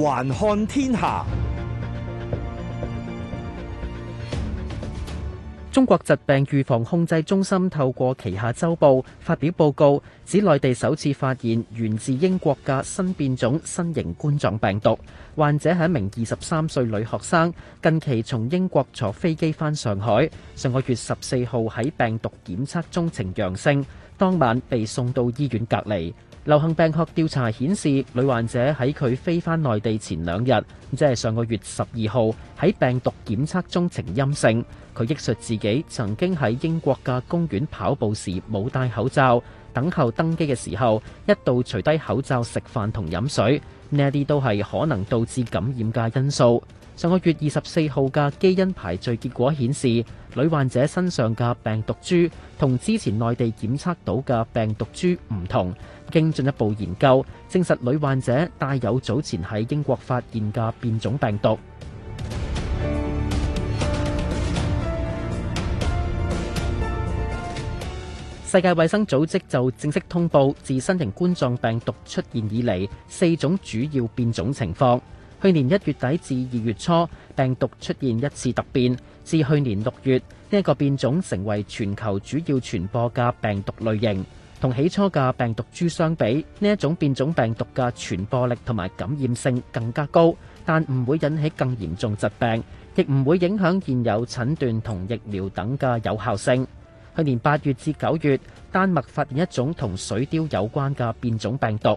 環看天下。中國疾病預防控制中心透過旗下周報發表報告，指內地首次發現源自英國嘅新變種新型冠狀病毒。患者係一名二十三歲女學生，近期從英國坐飛機返上海，上個月十四號喺病毒檢測中呈陽性。當晚被送到醫院隔離。流行病學調查顯示，女患者喺佢飛返內地前兩日，即係上個月十二號，喺病毒檢測中呈陰性。佢憶述自己曾經喺英國嘅公園跑步時冇戴口罩，等候登機嘅時候一度除低口罩食飯同飲水，呢啲都係可能導致感染嘅因素。上個月二十四號嘅基因排序結果顯示，女患者身上嘅病毒株同之前內地檢測到嘅病毒株唔同，經進一步研究證實，女患者帶有早前喺英國發現嘅變種病毒。世界衛生組織就正式通報，自新型冠狀病毒出現以嚟，四種主要變種情況。去年一月底至二月初，病毒出現一次突變。至去年六月，呢一個變種成為全球主要傳播嘅病毒類型。同起初嘅病毒株相比，呢一種變種病毒嘅傳播力同埋感染性更加高，但唔會引起更嚴重疾病，亦唔會影響現有診斷同疫苗等嘅有效性。去年八月至九月，丹麥發現一種同水貂有關嘅變種病毒。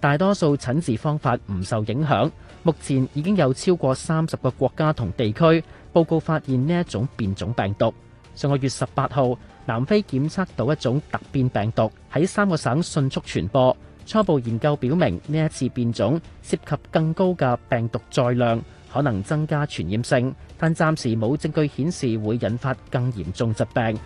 大多數診治方法唔受影響。目前已經有超過三十個國家同地區報告發現呢一種變種病毒。上個月十八號，南非檢測到一種突變病毒喺三個省迅速傳播。初步研究表明，呢一次變種涉及更高嘅病毒載量，可能增加傳染性，但暫時冇證據顯示會引發更嚴重疾病。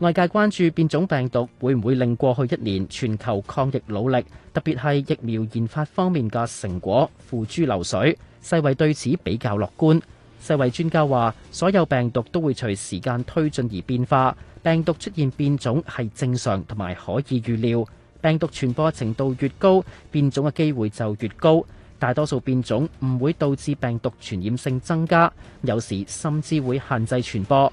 外界關注變種病毒會唔會令過去一年全球抗疫努力，特別係疫苗研發方面嘅成果付諸流水。世衛對此比較樂觀。世衛專家話：所有病毒都會隨時間推進而變化，病毒出現變種係正常同埋可以預料。病毒傳播程度越高，變種嘅機會就越高。大多數變種唔會導致病毒傳染性增加，有時甚至會限制傳播。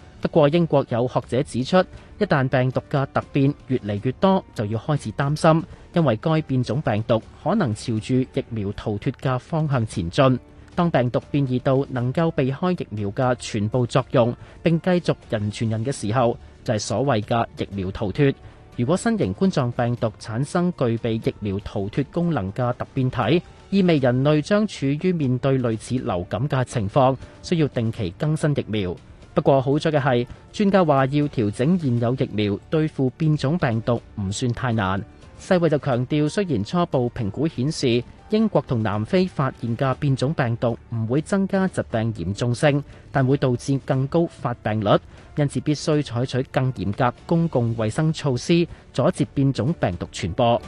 不過，英國有學者指出，一旦病毒嘅突變越嚟越多，就要開始擔心，因為該變種病毒可能朝住疫苗逃脫嘅方向前進。當病毒變異到能夠避開疫苗嘅全部作用，並繼續人傳人嘅時候，就係所謂嘅疫苗逃脫。如果新型冠狀病毒產生具備疫苗逃脫功能嘅突變體，意味人類將處於面對類似流感嘅情況，需要定期更新疫苗。不過好彩嘅係，專家話要調整現有疫苗對付變種病毒唔算太難。世衛就強調，雖然初步評估顯示英國同南非發現嘅變種病毒唔會增加疾病嚴重性，但會導致更高發病率，因此必須採取更嚴格公共衛生措施，阻截變種病毒傳播。